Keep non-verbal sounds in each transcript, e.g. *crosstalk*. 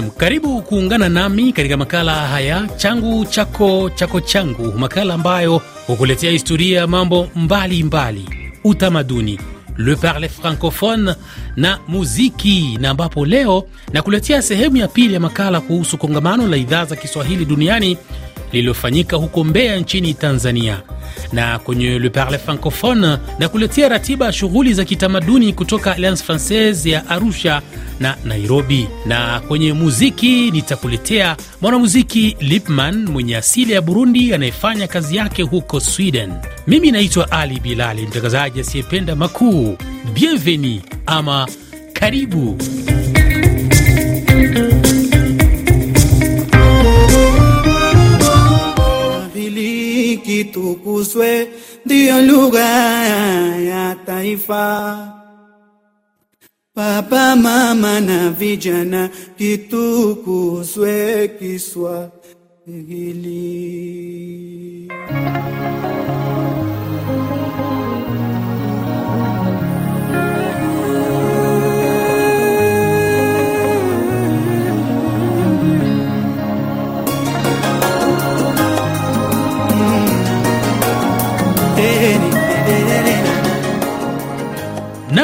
Nam, karibu kuungana nami katika makala haya changu chako chako changu, makala ambayo hukuletea historia ya mambo mbalimbali, utamaduni, le parle francophone na muziki, na ambapo leo nakuletea sehemu ya pili ya makala kuhusu kongamano la idhaa za Kiswahili duniani lililofanyika huko Mbeya nchini Tanzania na kwenye Le Parle Francophone na kuletea ratiba ya shughuli za kitamaduni kutoka Alliance Francaise ya Arusha na Nairobi. Na kwenye muziki nitakuletea mwanamuziki Lipman mwenye asili ya Burundi anayefanya kazi yake huko Sweden. Mimi naitwa Ali Bilali, mtangazaji asiyependa makuu. Bienveni ama karibu. Espíritu dio lugar a taifa. Papa mama na vijana kitukuzwe kiswahili.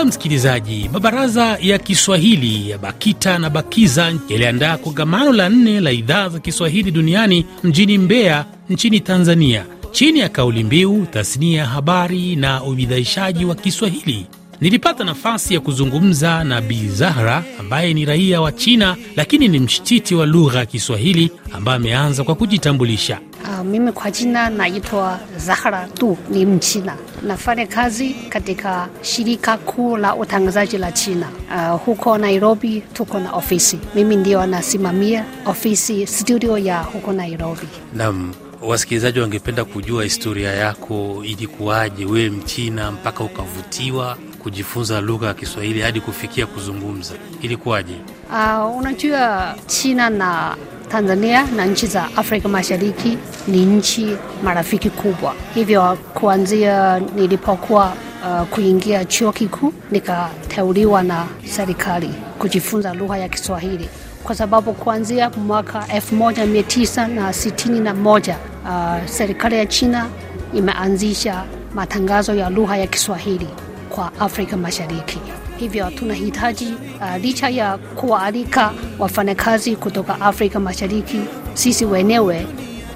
msikilizaji, mabaraza ya Kiswahili ya BAKITA na BAKIZA yaliandaa kongamano la nne la idhaa za Kiswahili duniani mjini Mbeya nchini Tanzania, chini ya kauli mbiu tasnia ya habari na ubidhaishaji wa Kiswahili. Nilipata nafasi ya kuzungumza na Bi Zahra ambaye ni raia wa China lakini ni mshititi wa lugha ya Kiswahili ambaye ameanza kwa kujitambulisha. Uh, mimi kwa jina naitwa Zahra Tu, ni Mchina. Nafanya kazi katika shirika kuu la utangazaji la China. Uh, huko Nairobi tuko na ofisi, mimi ndio nasimamia ofisi studio ya huko Nairobi. Naam, wasikilizaji wangependa kujua historia yako ilikuwaje, wewe Mchina mpaka ukavutiwa kujifunza lugha ya Kiswahili hadi kufikia kuzungumza, ilikuwaje? Uh, unajua China na Tanzania na nchi za Afrika Mashariki ni nchi marafiki kubwa, hivyo kuanzia nilipokuwa uh, kuingia chuo kikuu nikateuliwa na serikali kujifunza lugha ya Kiswahili kwa sababu kuanzia mwaka 1961 uh, serikali ya China imeanzisha matangazo ya lugha ya Kiswahili kwa Afrika Mashariki. Hivyo tunahitaji uh, licha ya kuwaalika wafanyakazi kutoka Afrika Mashariki, sisi wenyewe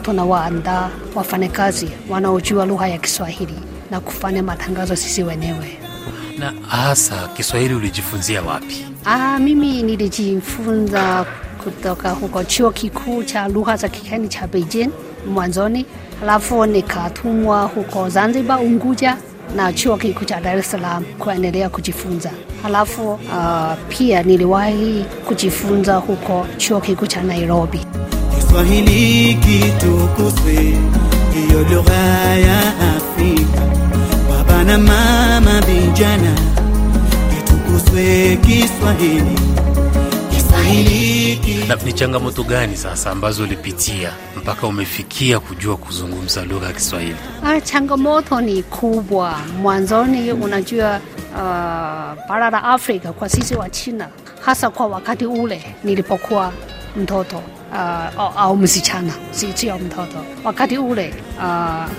tunawaandaa wafanyakazi wanaojua lugha ya Kiswahili na kufanya matangazo sisi wenyewe. Na hasa Kiswahili ulijifunzia wapi? Ah, mimi nilijifunza kutoka huko chuo kikuu cha lugha za kikeni cha beijin mwanzoni, alafu nikatumwa huko Zanzibar, Unguja na chuo kikuu cha Dar es Salaam kuendelea kujifunza. Halafu uh, pia niliwahi kujifunza huko chuo kikuu cha Nairobi. Kiswahili kitukuzwe, hiyo lugha ya Afrika. Baba na mama, vijana, kitukuzwe Kiswahili. Na ni changamoto gani sasa ambazo ulipitia mpaka umefikia kujua kuzungumza lugha ya Kiswahili? Ah, changamoto ni kubwa mwanzoni, unajua uh, bara la Afrika kwa sisi wa China, hasa kwa wakati ule nilipokuwa mtoto uh, au msichana, sio mtoto. Wakati ule uh,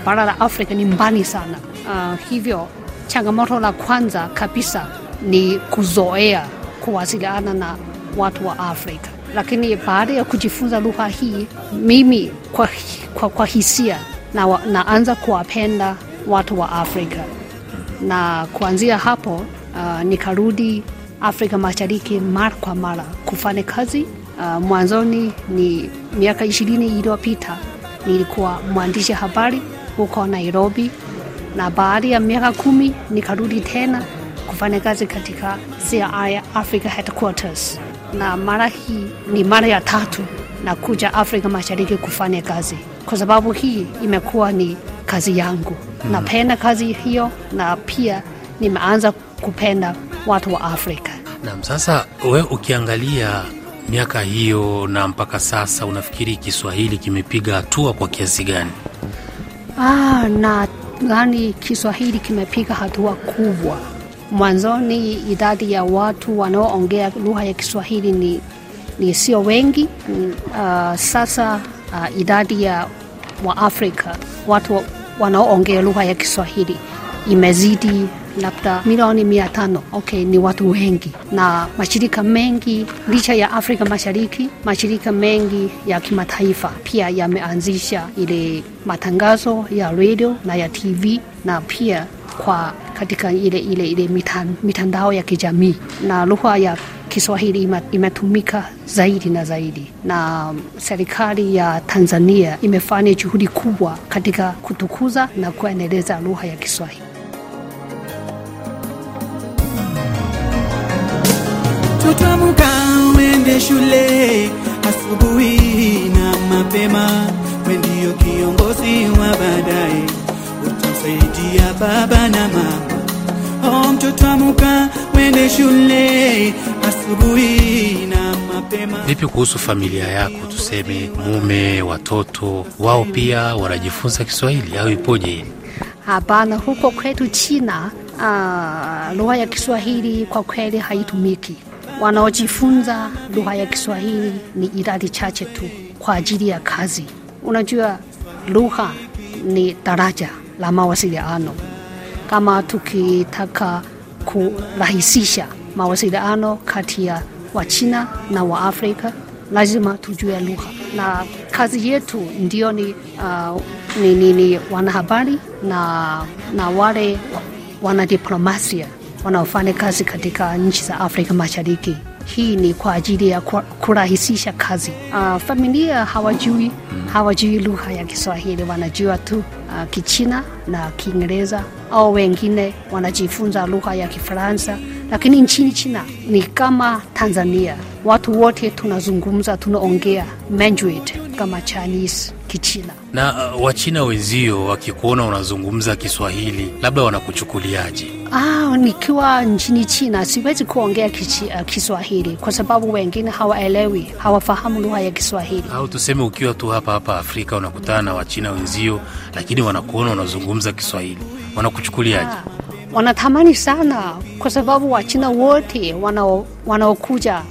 bara la Afrika ni mbali sana uh, hivyo changamoto la kwanza kabisa ni kuzoea kuwasiliana na watu wa Afrika, lakini baada ya kujifunza lugha hii mimi kwa, kwa, kwa hisia na, naanza kuwapenda watu wa Afrika na kuanzia hapo uh, nikarudi Afrika Mashariki mara kwa mara kufanya kazi. Uh, mwanzoni ni miaka ishirini iliyopita nilikuwa mwandishi habari huko Nairobi, na baada ya miaka kumi nikarudi tena kufanya kazi katika CIA Africa Headquarters na mara hii ni mara ya tatu na kuja Afrika Mashariki kufanya kazi, kwa sababu hii imekuwa ni kazi yangu. Hmm. Napenda kazi hiyo na pia nimeanza kupenda watu wa Afrika. Naam, sasa we ukiangalia miaka hiyo na mpaka sasa, unafikiri Kiswahili kimepiga hatua kwa kiasi gani? Ah, yani Kiswahili kimepiga hatua kubwa Mwanzoni idadi ya watu wanaoongea lugha ya Kiswahili ni, ni sio wengi. Uh, sasa uh, idadi ya Waafrika watu wanaoongea lugha ya Kiswahili imezidi labda milioni mia tano. Okay, ni watu wengi, na mashirika mengi licha ya Afrika Mashariki, mashirika mengi ya kimataifa pia yameanzisha ile matangazo ya redio na ya TV na pia kwa katika ile, ile, ile mitandao ya kijamii na lugha ya Kiswahili imetumika zaidi na zaidi, na serikali ya Tanzania imefanya juhudi kubwa katika kutukuza na kuendeleza lugha ya Kiswahili. Tutamka uende shule asubuhi na mapema, we kiongozi wa baadaye saidia baba na mama. Oh, mtoto amuka wende shule asubuhi na mapema. Vipi kuhusu familia yako, tuseme mume, watoto wao pia wanajifunza Kiswahili au ipoje? Hapana, huko kwetu China uh, lugha ya Kiswahili kwa kweli haitumiki. Wanaojifunza lugha ya Kiswahili ni idadi chache tu kwa ajili ya kazi. Unajua, lugha ni daraja la mawasiliano. Kama tukitaka kurahisisha mawasiliano kati ya Wachina na Waafrika, lazima tujue lugha, na kazi yetu ndio ni, uh, ni, ni, ni wanahabari na, na wale wanadiplomasia wanaofanya kazi katika nchi za Afrika Mashariki. Hii ni kwa ajili ya kurahisisha kazi. Uh, familia hawajui hawajui lugha ya Kiswahili, wanajua tu uh, Kichina na Kiingereza, au wengine wanajifunza lugha ya Kifaransa, lakini nchini China ni kama Tanzania, watu wote tunazungumza tunaongea Mandarin kama Chinese. Kichina. Na uh, Wachina wenzio wakikuona unazungumza Kiswahili labda wanakuchukuliaje? Ah, nikiwa nchini China siwezi kuongea kichi, uh, Kiswahili kwa sababu wengine hawaelewi, hawafahamu lugha ya Kiswahili. Au tuseme ukiwa tu hapa hapa Afrika unakutana na Wachina wenzio, lakini wanakuona unazungumza Kiswahili, wanakuchukuliaje? Ah, wanatamani sana kwa sababu Wachina wote wanaokuja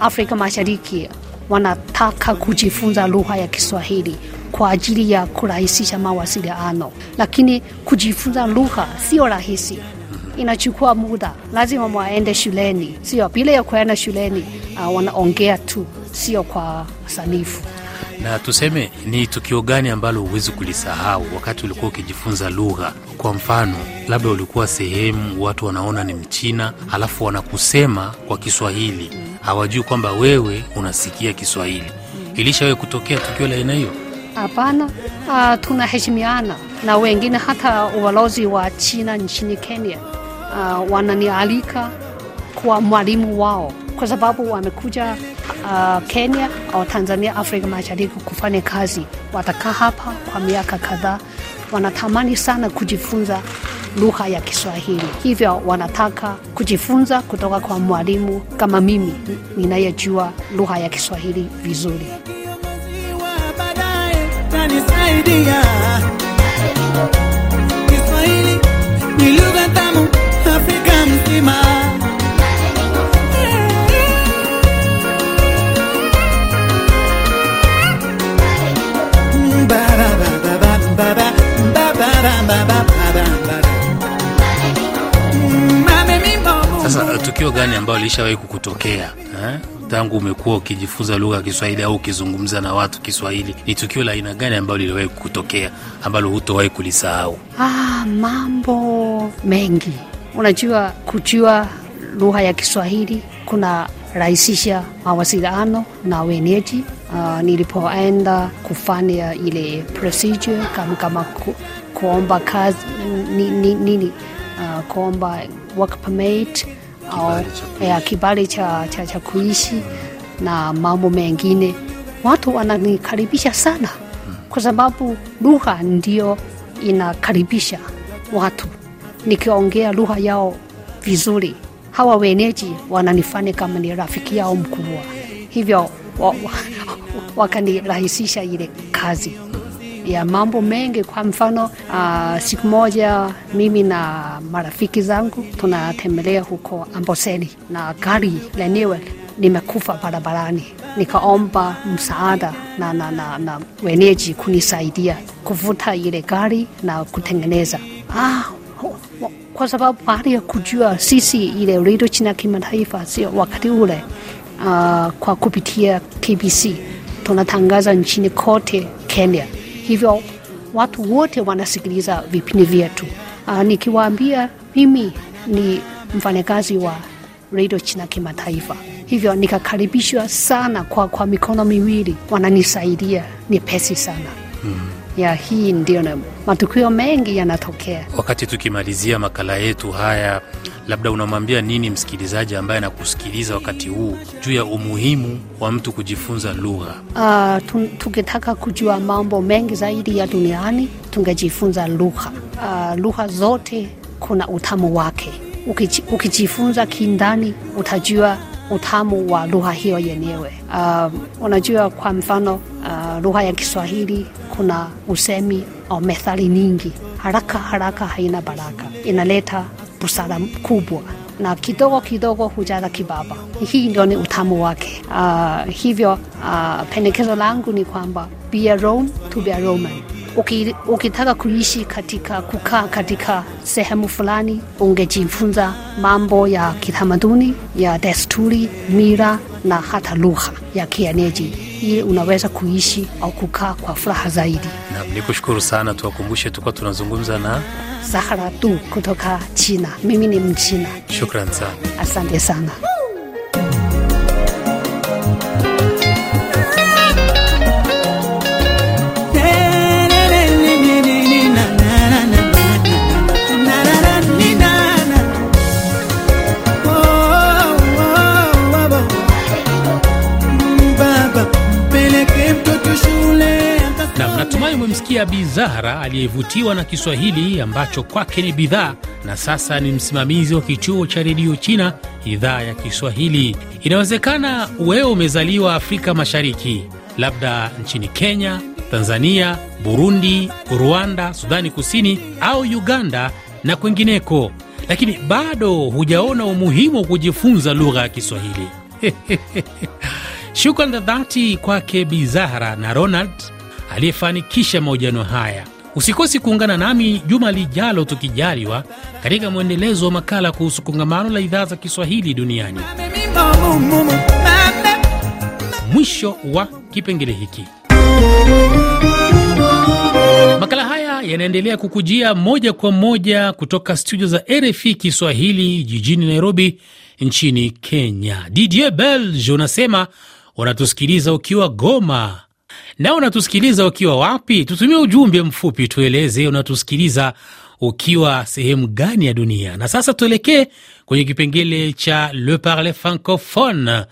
Afrika Mashariki wanataka kujifunza lugha ya Kiswahili kwa ajili ya kurahisisha mawasiliano, lakini kujifunza lugha sio rahisi, inachukua muda. Lazima waende shuleni, sio bila ya kuenda shuleni. Uh, wanaongea tu, sio kwa sanifu. Na tuseme ni tukio gani ambalo huwezi kulisahau wakati ulikuwa ukijifunza lugha kwa mfano, labda ulikuwa sehemu watu wanaona ni Mchina, halafu wanakusema kwa Kiswahili, hawajui kwamba wewe unasikia Kiswahili. Ilishawahi kutokea tukio la aina hiyo? Hapana. Uh, tunaheshimiana na wengine, hata ubalozi wa China nchini Kenya uh, wananialika kwa mwalimu wao kwa sababu wamekuja uh, Kenya au Tanzania, Afrika Mashariki kufanya kazi. Watakaa hapa kwa miaka kadhaa wanatamani sana kujifunza lugha ya Kiswahili, hivyo wanataka kujifunza kutoka kwa mwalimu kama mimi ninayejua lugha ya Kiswahili vizuri. tukio gani ambalo lishawahi kukutokea eh? tangu umekuwa ukijifunza lugha ya Kiswahili au ukizungumza na watu Kiswahili, ni tukio la aina gani ambalo liliwahi kutokea ambalo hutowahi kulisahau? Ah, mambo mengi. Unajua, kujua lugha ya Kiswahili kuna rahisisha mawasiliano na wenyeji. Uh, nilipoenda kufanya ile procedure kama, kama ku, kuomba kazi nini, ni, uh, ah, kuomba work permit au ya eh, kibali cha, cha, cha kuishi na mambo mengine. Watu wananikaribisha sana hmm. kwa sababu lugha ndio inakaribisha watu. Nikiongea lugha yao vizuri, hawa wenyeji wananifanya kama ni rafiki yao mkubwa, hivyo wa, wa, *laughs* wakanirahisisha ile kazi ya mambo mengi. Kwa mfano uh, siku moja mimi na marafiki zangu tunatembelea huko Amboseli na gari lenyewe nimekufa barabarani, nikaomba msaada na, na, na, na wenyeji kunisaidia kuvuta ile gari na kutengeneza ah, kwa sababu baada ya kujua sisi ile redio China kimataifa sio wakati ule uh, kwa kupitia KBC tunatangaza nchini kote Kenya. Hivyo watu wote wanasikiliza vipindi vyetu. Uh, nikiwaambia mimi ni mfanyakazi wa redio China kimataifa, hivyo nikakaribishwa sana kwa, kwa mikono miwili, wananisaidia ni pesi sana mm ya hii ndio, na matukio mengi yanatokea. Wakati tukimalizia makala yetu haya, labda unamwambia nini msikilizaji ambaye anakusikiliza wakati huu juu ya umuhimu wa mtu kujifunza lugha? Uh, tukitaka kujua mambo mengi zaidi ya duniani tungejifunza lugha. Uh, lugha zote kuna utamu wake. Ukijifunza kindani utajua utamu wa lugha hiyo yenyewe. Uh, unajua kwa mfano uh, lugha ya Kiswahili kuna usemi au methali nyingi, haraka haraka haina baraka, inaleta busara kubwa na kidogo kidogo hujaza kibaba. Hii ndio ni utamu wake. Uh, hivyo uh, pendekezo langu ni kwamba be a Rome to be a Roman uki, ukitaka kuishi katika kukaa katika sehemu fulani, ungejifunza mambo ya kitamaduni ya desturi, mira na hata lugha ya kienyeji, ili unaweza kuishi au kukaa kwa furaha zaidi. Na ni kushukuru sana, tuwakumbushe tukuwa tunazungumza na Zahara tu kutoka China. Mimi ni Mchina. Shukran sana, asante sana. pia Bizara aliyevutiwa na Kiswahili ambacho kwake ni bidhaa na sasa ni msimamizi wa kituo cha redio China idhaa ya Kiswahili. Inawezekana wewe umezaliwa Afrika Mashariki, labda nchini Kenya, Tanzania, Burundi, Rwanda, Sudani Kusini au Uganda na kwingineko, lakini bado hujaona umuhimu wa kujifunza lugha ya Kiswahili. *laughs* Shukran za dhati kwake bizahra na Ronald aliyefanikisha mahojiano haya. Usikosi kuungana nami juma lijalo, tukijaliwa, katika mwendelezo wa makala kuhusu kongamano la idhaa za Kiswahili duniani. Mwisho wa kipengele hiki. Makala haya yanaendelea kukujia moja kwa moja kutoka studio za RFI Kiswahili jijini Nairobi nchini Kenya. Didier Belge unasema wanatusikiliza ukiwa Goma, na unatusikiliza ukiwa wapi? Tutumie ujumbe mfupi, tueleze unatusikiliza ukiwa sehemu gani ya dunia. Na sasa tuelekee kwenye kipengele cha Le Parle Francophone.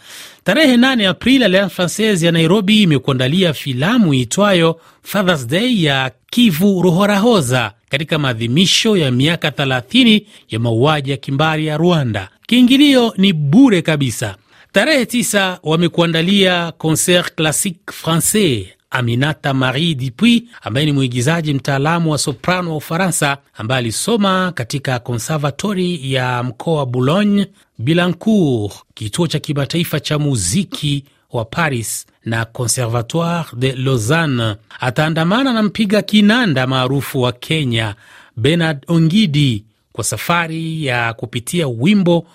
Tarehe 8 april Alliance Francaise ya Nairobi imekuandalia filamu itwayo Father's Day ya Kivu Ruhorahoza katika maadhimisho ya miaka 30 ya mauaji ya kimbari ya Rwanda. Kiingilio ni bure kabisa. Tarehe tisa wamekuandalia Concert Classique Francais. Aminata Marie Dupuy ambaye ni mwigizaji mtaalamu wa soprano wa Ufaransa ambaye alisoma katika konservatori ya mkoa wa Boulogne bilancourt kituo cha kimataifa cha muziki wa Paris na Conservatoire de Lausanne, ataandamana na mpiga kinanda maarufu wa Kenya Bernard Ongidi kwa safari ya kupitia wimbo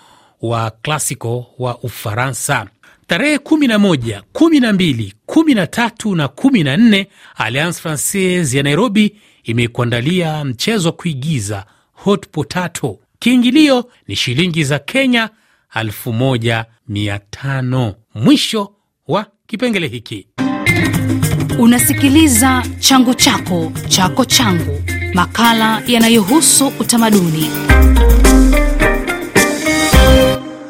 wa klasiko wa Ufaransa. Tarehe 11, 12, 13 na 14 Alliance Francaise ya Nairobi imekuandalia mchezo wa kuigiza Hot Potato. Kiingilio ni shilingi za Kenya 1500. Mwisho wa kipengele hiki. Unasikiliza changu chako chako changu, makala yanayohusu utamaduni.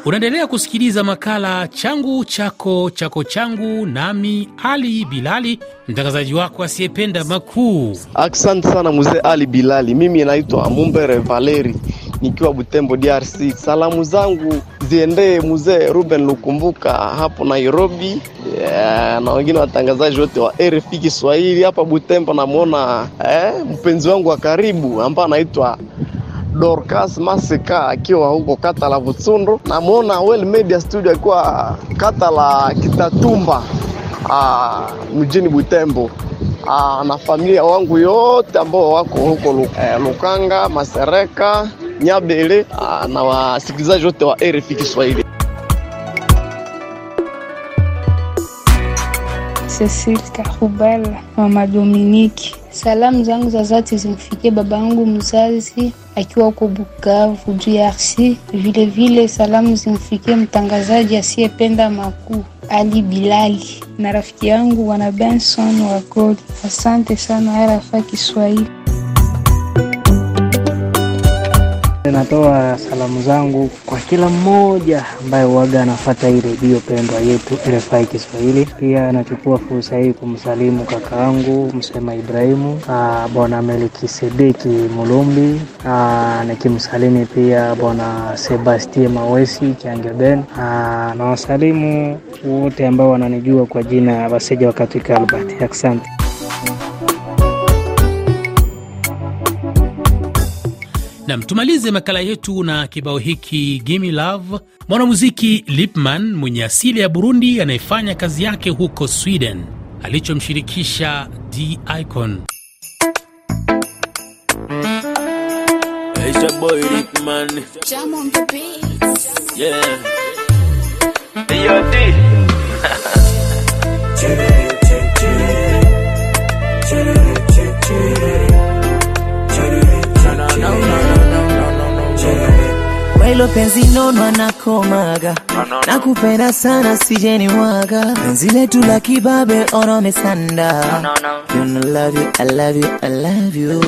Unaendelea kusikiliza makala changu chako chako changu, nami Ali Bilali, mtangazaji wako asiyependa makuu. Asante sana mzee Ali Bilali. Mimi naitwa Mumbere Valeri nikiwa Butembo, DRC. Salamu zangu ziendee mzee Ruben Lukumbuka hapo Nairobi, yeah, na wengine watangazaji wote wa RFI Kiswahili hapa Butembo. Namwona eh, mpenzi wangu wa karibu ambaye anaitwa Dorcas Masika akiwa huko kata la Vutsundu, namwona Well Media Studio akiwa kata la Kitatumba aa, ah, mjini Butembo aa, ah, na familia wangu yote ambao wako huko eh, Lukanga, Masereka, Nyabele ah, na wasikilizaji wote wa RFI Kiswahili. Cecil karubal mama Dominiki. Salamu zangu za zati zimfikie baba yangu mzazi akiwa huko Bukavu DRC. vile salamu zimfikie mtangazaji asiyependa makuu Ali Bilali na rafiki yangu wana Benson Wakoli. Asante sana arafa Kiswahili. Natoa salamu zangu kwa kila mmoja ambaye waga anafuata hii redio pendwa yetu RFI Kiswahili. Pia nachukua fursa hii kumsalimu kakaangu Msema Ibrahimu, ah, bwana melkisedeki Mulumbi, ah, nikimsalimu pia bwana Sebastie Mawesi Kiangeben, ah, na wasalimu wote ambao wananijua kwa jina Waseja wa Katoliki Albert. Asante. Nam, tumalize makala yetu na kibao hiki Gimme Love. Mwanamuziki Lipman mwenye asili ya Burundi anayefanya kazi yake huko Sweden alichomshirikisha D Icon. Hey, *laughs* hilo penzi nono anakomaga nakupenda kupenda sana sijeni mwaga penzi letu la kibabe orome sanda you know, love you, I love you, I love you.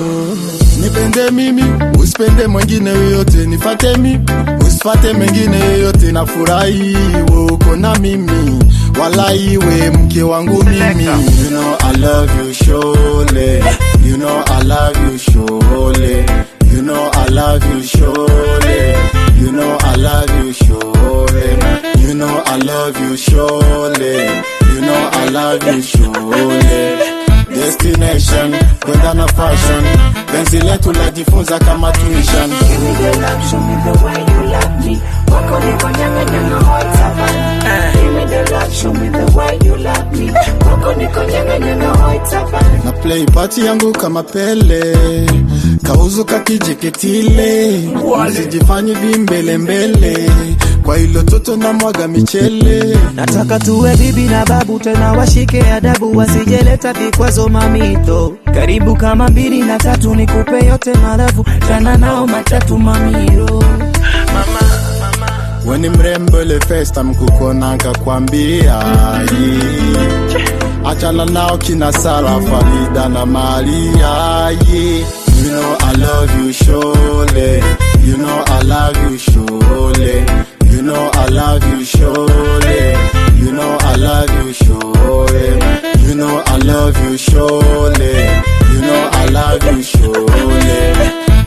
Nipende mimi usipende mwengine yoyote, nifate mi usifate mengine yoyote, na furahi wewe uko na mimi wala iwe mke wangu mimi. You know I love you shole, you know I love you shole, you know I love you shole. You know I love you surely. You know I love you surely. You know I love you surely. Destination, kwenda na fashion penzi letu lajifunza kama tuition. Show me the love, show me the way you love me. Wako niko nyang'anyang'a hot na play party yangu kama Pele, kauzu kakijeketile, msijifanye vimbelembele kwa hilo toto na mwaga michele. Nataka tuwe bibi na babu, tena washike adabu, wasijeleta vikwazo mamito. Karibu kama mbili na tatu, nikupe yote maravu, tana nao matatu mamiro mama weni mrembo ile festa mkukona nkakwambia achala nao kina Sara, Farida na Maria You know I love you surely, you know I love you surely, you know I love you surely, you know I love you surely, you know I love you surely, you know I love you surely.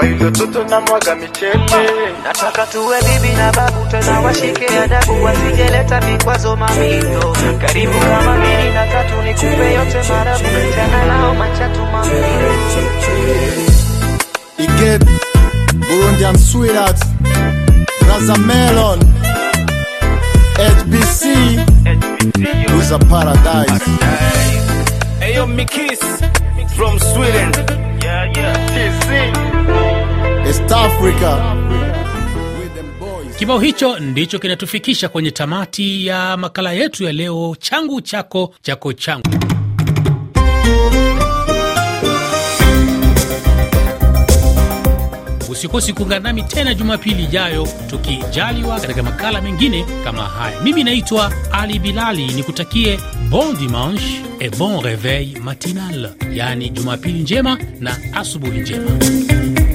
kwa hilo toto na mwaga michele. Nataka tuwe bibi na babu tena, washike adabu, wasijeleta mikwazo mamito. Karibu kama mbili na tatu, nikupe yote marabu, mchana nao machatu mamito. Ikeb Burundian Sweetheart Raza Melon HBC Luza Paradise Ayo Mikis from Sweden Africa. Kibao hicho ndicho kinatufikisha kwenye tamati ya makala yetu ya leo, changu chako chako changu. Usikosi kuungana nami tena Jumapili ijayo tukijaliwa, katika makala mengine kama haya. Mimi naitwa Ali Bilali, nikutakie bon dimanche et bon reveil matinal, yaani Jumapili njema na asubuhi njema.